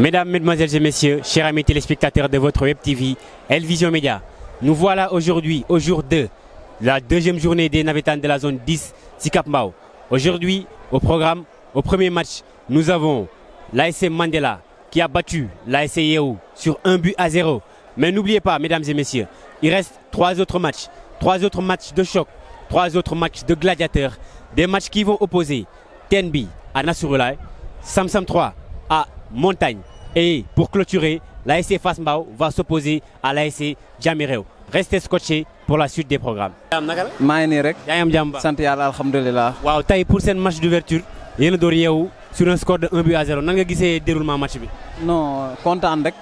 Mesdames, Mesdemoiselles et Messieurs, chers amis téléspectateurs de votre Web TV, Elvision Média, nous voilà aujourd'hui au jour 2, la deuxième journée des Navetans de la zone 10, Sikap Aujourd'hui, au programme, au premier match, nous avons l'ASC Mandela qui a battu l'ASC Yeo sur un but à zéro. Mais n'oubliez pas, Mesdames et Messieurs, il reste trois autres matchs, trois autres matchs de choc, trois autres matchs de gladiateurs, des matchs qui vont opposer Tenbi à Nasurulai, Samsam 3 à montagne. Et pour clôturer, l'ASC Fasmao va s'opposer à l'ASC Djamireo Restez scotchés pour la suite des programmes. Je suis rek. pour ce match d'ouverture y a sur un score de 1 but à 0 nan nga le déroulement match bi. non kontaan rek.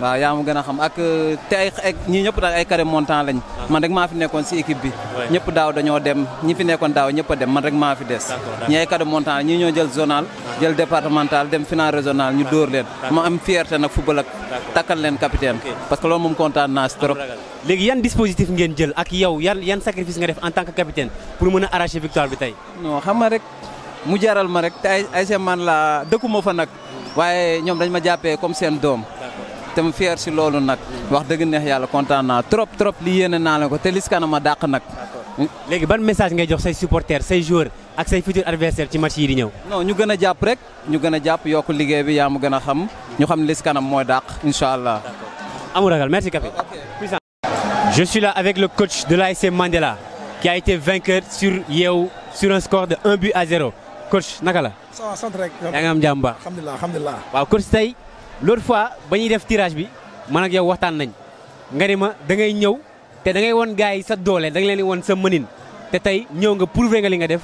waaw yaa ma gën a xam ak euh, te ay ñii ñëpp daal ay carré montant lañ ah. man rek maa fi nekkoon si équipe bi ñëpp daaw dañoo dem ñi fi nekkoon daaw ñëpp a dem man rek maa fi des ñi ay carré montant ñii ñoo jël zonal ah. jël départemental dem final régional ñu ah. dóor leen ma am fierté nag football ak takkal leen capitaine parce que loolu moom kontaan naa si trop léegi yan dispositif ngeen jël ak yow yan yan sacrifice nga def en tant que capitaine pour mën a arracher victoire bi tey non xam nga rek mu jaral ma rek te ay ay man la dëkkuma fa nag hmm. waaye ñoom dañ ma jàppee comme seen doom te mu fier si loolu nag wax dëgg neex yàlla kontaan naa trop trop li yéene naa la ko te lis kanam a dàq nag. léegi ban message ngay jox say supporters say joueurs ak say futurs adversaires ci match yi di ñëw. non ñu gën a jàpp rek ñu gën a jàpp yokk liggéey bi yaa mu gën a xam ñu xam lis kanam mooy dàq incha allah. amul ragal merci Kapi. Je suis là avec le coach de l'ASC Mandela qui a été vainqueur sur Yeo sur un score de 1 but à 0. Coach, Nakala. Ça va, ça va. Alhamdulillah, alhamdulillah. Wow, coach, l'autre fois ba ñuy def tirage bi man ak yow waxtaan nañ nga ni ma da ngay ñëw te da ngay won gars yi sa doole da nga leen di sa mënin te tey ñëw nga prouver nga li nga def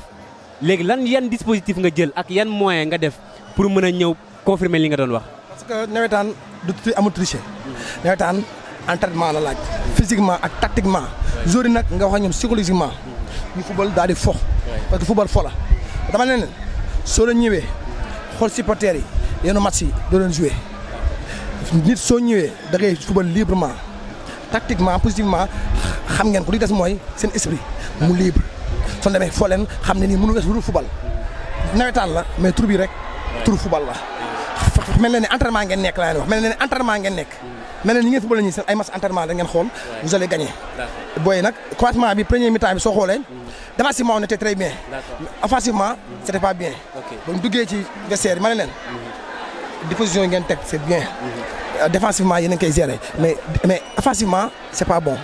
léegi lan yan dispositif nga jël ak yan moyen nga def pour mën a ñëw confirmer li nga doon wax. parce que nawetaan du amul tricher. nawetaan entraînement la laaj. physiquement ak tactiquement. jour yi nag nga wax ñoom psychologiquement. ñu football daal di fo. parce que football fola la. dama ne soo la ñëwee xool supporters yi yenn match yi doo leen nit so ñëwee da ngay football librement tactiquement positivement xam ngeen ko li dess moy sen esprit mu libre soo demee fo len xam ni mënu des football nawetaan la mais tur bi rek tur football la. mel na entraînement ngeen nek la wax mel na entraînement ngeen nek mel na ni ngeen football la ñuy ay match entraînement da ngeen xool. vous allez gagner. boy nak croisement bi premier mi-temps bi soo xoolee. Mm. défensivement on était très bien. offensivement c'était pas bien. ok duggé ci vestiaire mm-hmm. yi ma disposition ngeen teg c'est bien. Mm-hmm. Euh, défensivement yéen kay ngi gérer mais mais offensivement c'est pas bon.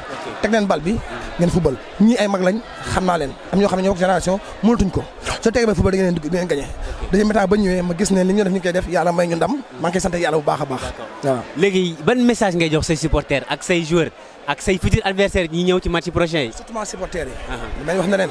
tek len bal bi ngeen football ñi ay mag lañ xamna len am ñoo xam ñoo bokk génération mënatuñ ko so tegee ba football da ngeen di ngeen gagné. deuxième mi-temps ba ñëwee ma gis ne li ñu def ñu koy def yalla may ñu ndam maa ngi koy yalla bu baaxa baax. légui ban message ngay jox say supporters ak say joueurs ak say futurs adversaires ñi ñëw ci match prochain surtout ma supporters yi. Uh-huh. dinañ wax ne leen.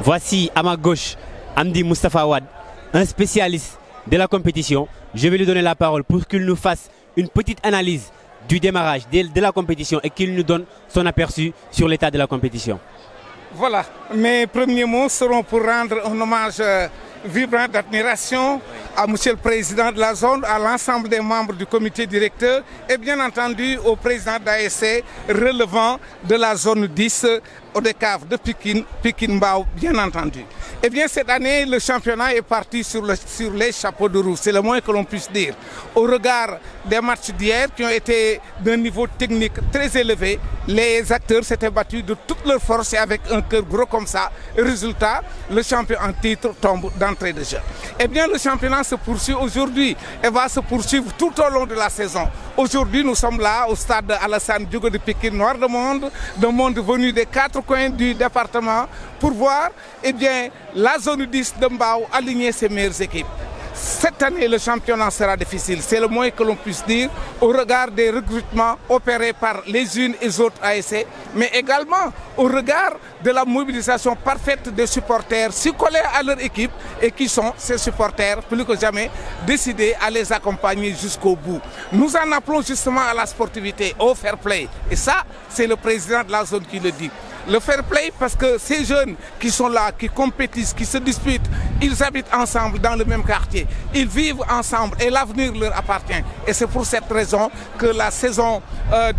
Voici à ma gauche Amdi Mustafa Wad, un spécialiste de la compétition. Je vais lui donner la parole pour qu'il nous fasse une petite analyse du démarrage de, la compétition et qu'il nous donne son aperçu sur l'état de la compétition. Voilà, mes premiers mots seront pour rendre un hommage euh, vibrant d'admiration à Monsieur le Président de la zone, à l'ensemble des membres du comité directeur et bien entendu au président d'ASC relevant de la zone 10 caves de Pékin, Pékin Mbao, bien entendu. Eh bien, cette année, le championnat est parti sur, les chapeaux de roue, c'est le moins que l'on puisse dire. Au regard des matchs d'hier qui ont été d'un niveau technique très élevé, les acteurs s'étaient battus de toutes leurs forces et avec un cœur gros comme ça. Résultat, le champion en titre tombe d'entrée de jeu. Eh bien, le championnat se poursuit aujourd'hui et va se poursuivre tout au long de la saison. Aujourd'hui, nous sommes là au stade Alassane Diogo de Pékin, Noir de Monde, de monde venu des quatre coin du département pour voir eh bien, la zone 10 de Mbao aligner ses meilleures équipes. Cette année, le championnat sera difficile, c'est le moins que l'on puisse dire, au regard des recrutements opérés par les unes et les autres ASC, mais également au regard de la mobilisation parfaite des supporters si collés à leur équipe et qui sont ces supporters, plus que jamais, décidés à les accompagner jusqu'au bout. Nous en appelons justement à la sportivité, au fair play. Et ça, c'est le président de la zone qui le dit le fair play parce que ces jeunes qui sont là, qui compétissent, qui se disputent, ils habitent ensemble dans le même quartier. Ils vivent ensemble et l'avenir leur appartient. Et c'est pour cette raison que la saison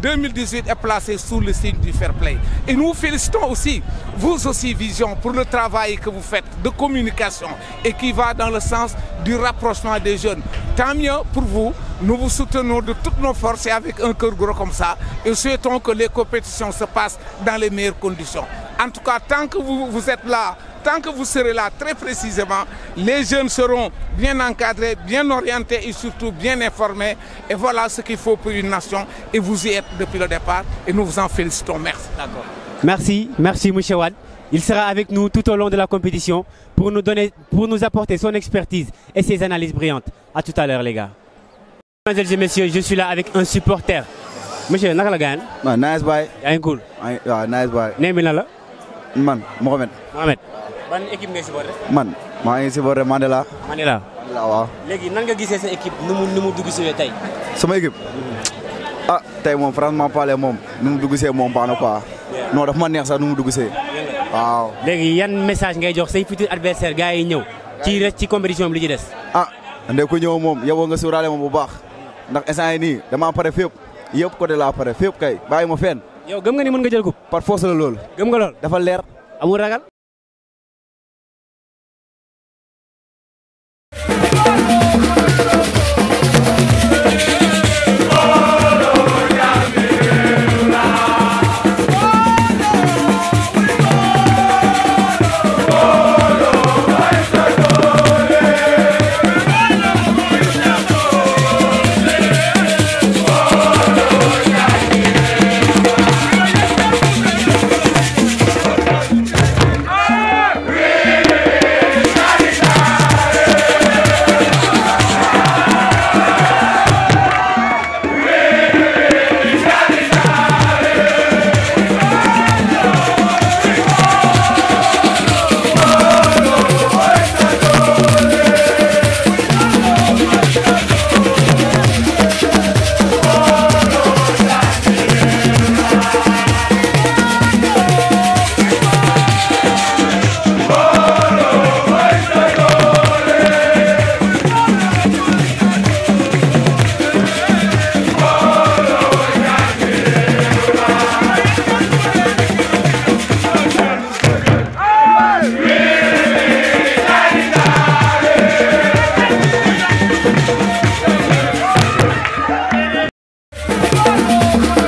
2018 euh, est placée sous le signe du fair play. Et nous félicitons aussi, vous aussi Vision, pour le travail que vous faites de communication et qui va dans le sens du rapprochement des jeunes. Tant mieux pour vous. Nous vous soutenons de toutes nos forces et avec un cœur gros comme ça. Et souhaitons que les compétitions se passent dans les meilleures conditions. En tout cas, tant que vous êtes là tant que vous serez là très précisément, les jeunes seront bien encadrés, bien orientés et surtout bien informés. Et voilà ce qu'il faut pour une nation. Et vous y êtes depuis le départ et nous vous en félicitons. Merci. Merci, merci Wad. Il sera avec nous tout au long de la compétition pour nous, donner, pour nous apporter son expertise et ses analyses brillantes. A tout à l'heure les gars. Mesdames et messieurs, je suis là avec un supporter. Monsieur, comment Nice boy. cool. nice boy. man Mohamed. Mohamed ban équipe man maa ngi supporter Mandela. Mandela waaw. léegi nan nga gisee sa équipe nu mu nu mu dugg see tey. sama équipe. ah tey moom franchement parler moom nu mu dugg see moom baax na quoi. non daf ma neex sax nu mu dugg see. waaw. léegi yan message ngay jox say futur adversaire gaa yi ñëw. ci res ci compétition li ci des. a ah, ndey ku ñëw moom yow nga suuraale moom bu baax ndax instant yii nii damaa pare fépp yëpp ko laa pare fépp kay bàyyi ma fenn. yow gëm nga ni mën nga jël coupe. par force la loolu. gëm nga loolu dafa leer. amul ragal. Thank you.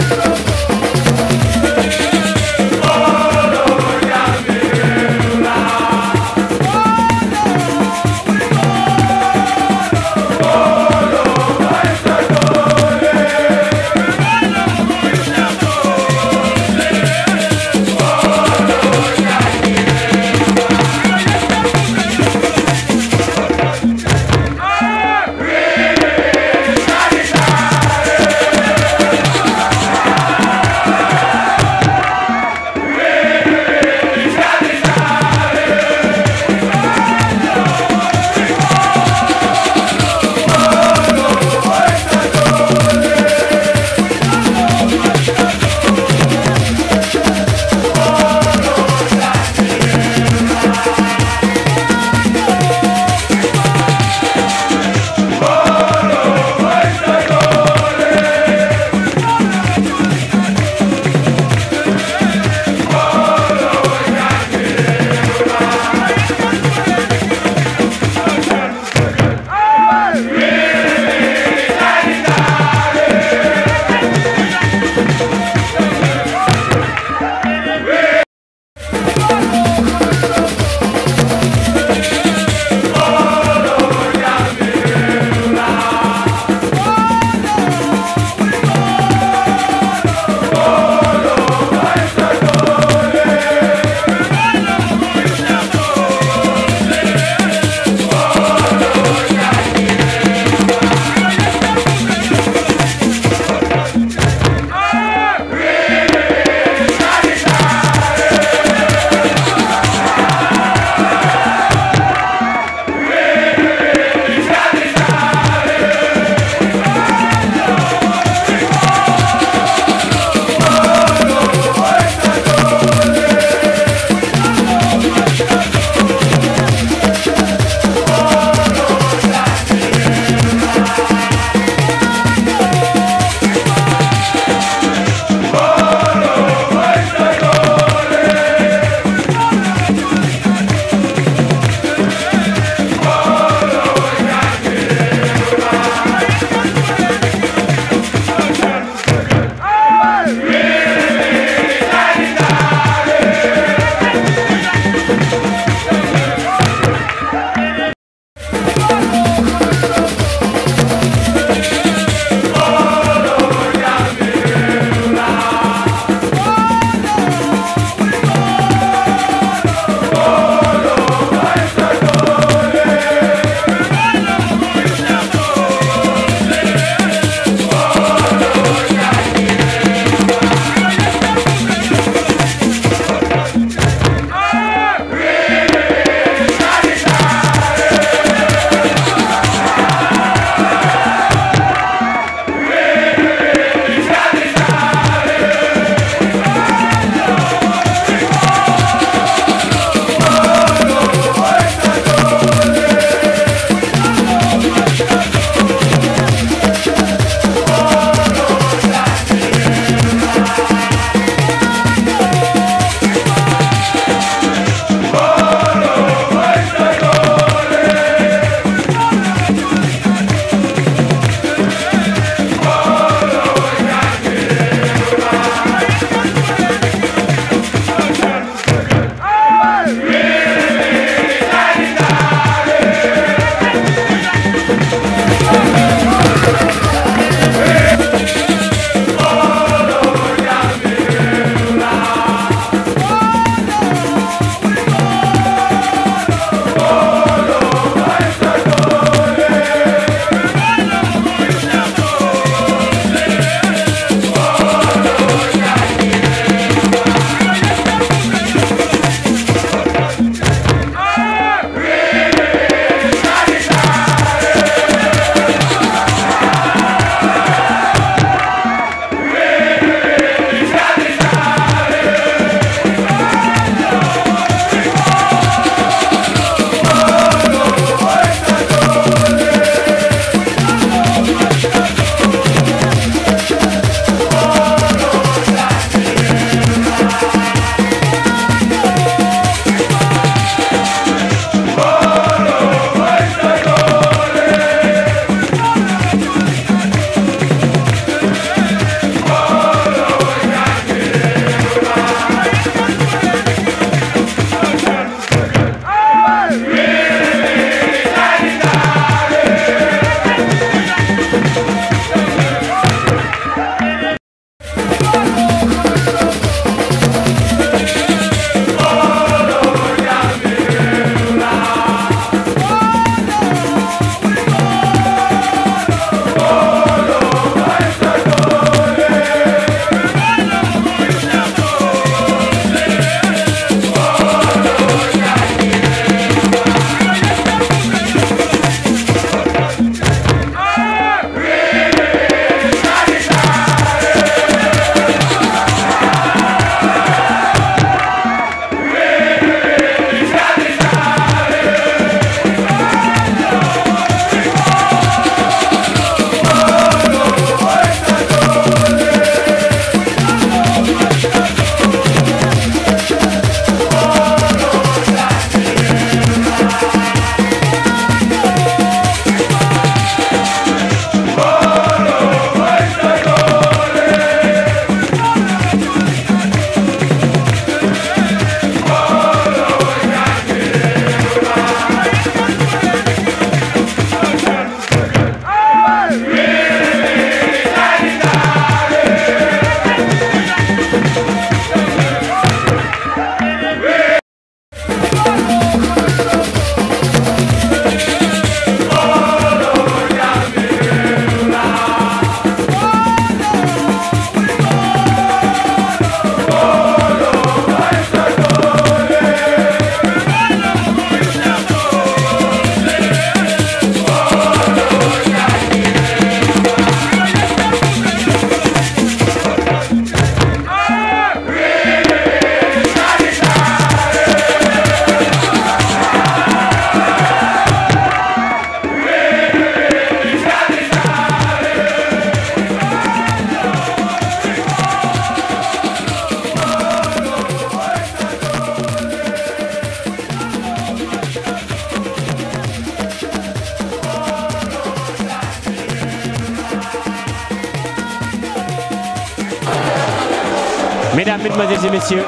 Mesdames, Mesdemoiselles et Messieurs,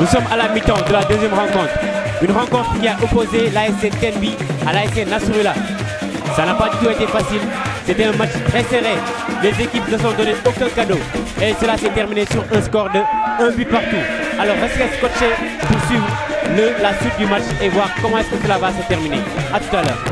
nous sommes à la mi-temps de la deuxième rencontre. Une rencontre qui a opposé l'ASN Kenby à l'ASC Nasrullah. Ça n'a pas du tout été facile. C'était un match très serré. Les équipes ne sont données aucun cadeau. Et cela s'est terminé sur un score de 1 but partout. Alors restez scotchés pour suivre la suite du match et voir comment est-ce que cela va se terminer. A tout à l'heure.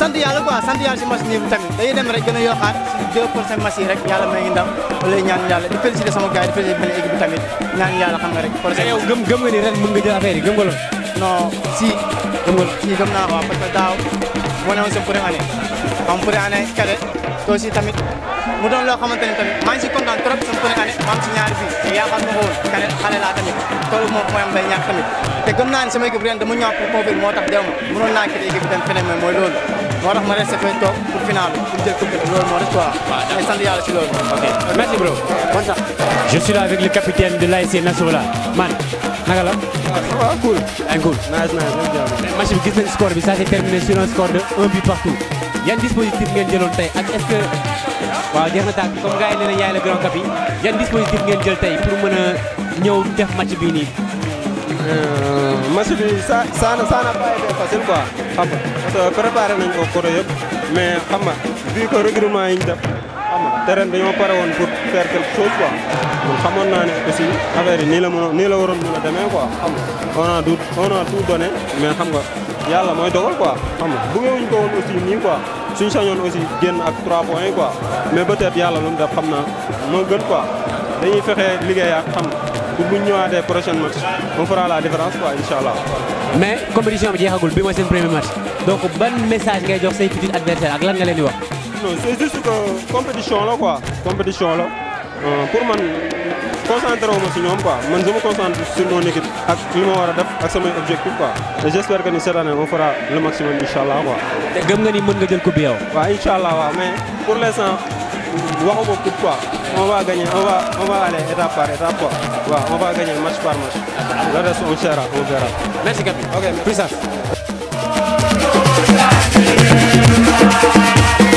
sant yàlla quoi sant yàlla si machine yi bu tamit dañuy dem rek gën a yokkaat si 2 pour cent machine rek yàlla may ngi ndam lay ñaan yàlla di féliciter sama gars yi di féliciter benn équipe bi tamit ñaan yàlla xam nga rek projet yow gëm gëm nga ni ren mën nga jël affaire yi gëm nga loolu non si gëm nga si gëm naa waaw parce que daaw wane woon sa première année am première année kale te aussi tamit mu doon loo xamante tamit maa ngi si kontaan trop sama première année am si ñaari bii te yaakaar ma ko woon kale xale laa tamit toolu moom mooy am day ñàkk tamit te gëm naa ni sama équipe ren dama ñàkk pour confirmer tax dew ma mënoon naa équipe bi tamit feneen mooy moo tax ma ne dafay toog pour final pour dire que loolu moo des quoi. waaw damay sant yàlla ci loolu. ok merci bro. bon sax. je suis là avec le capitaine de l'ASC Nasrallah man naka la. waaw cool. ay cool. nice nice loolu jàpp mais match bi gis score bi ça s'est terminé sur un score de 1 but partout yan dispositif ngeen jëloon tey ak est-ce que. waaw jeex na tàkk comme gars yi nee nañu yaay la grand capi yan dispositif ngeen jël tey pour mën a ñëw def match bii nii. Euh, match bi ça ça ça n'a pas été facile quoi. xam nga parce nañ ko côté yëpp mais xam nga vu que recrutement yi ñu def xam nga te ren dañoo pare woon pour faire quelque chose quoi donc xamoon naa ne aussi affaire yi nii la mënoon nii la waroon mën a demee quoi xam nga on a tout on a tout donné mais xam nga yàlla mooy dogal quoi xam nga bëggewuñ ko woon aussi nii quoi suñ sañoon aussi génn ak 3 points yi quoi mais peut-être yàlla lu mu def xam naa moo gën quoi dañuy fexe liggéey ak xam pour bu ñu ñëwaatee prochain match on fera la différence quoi incha allah. mais compétition bi jeexagul bi mooy seen premier match donc ban message ngay jox say futurs adversaires ak lan nga leen di wax. non c' est compétition la quoi compétition la euh, pour man concentré wu ma si ñoom quoi man je me concentre sur mon équipe ak li ma war a def ak samay objectif quoi et j' espère que ni cette année on fera le maximum incha allah allah waaw mais pour l' on va gagner, on va, on va aller étape par étape. Quoi. Ouais, on va gagner match par match. Le reste, on sera, on verra. Merci, Capitaine. Ok,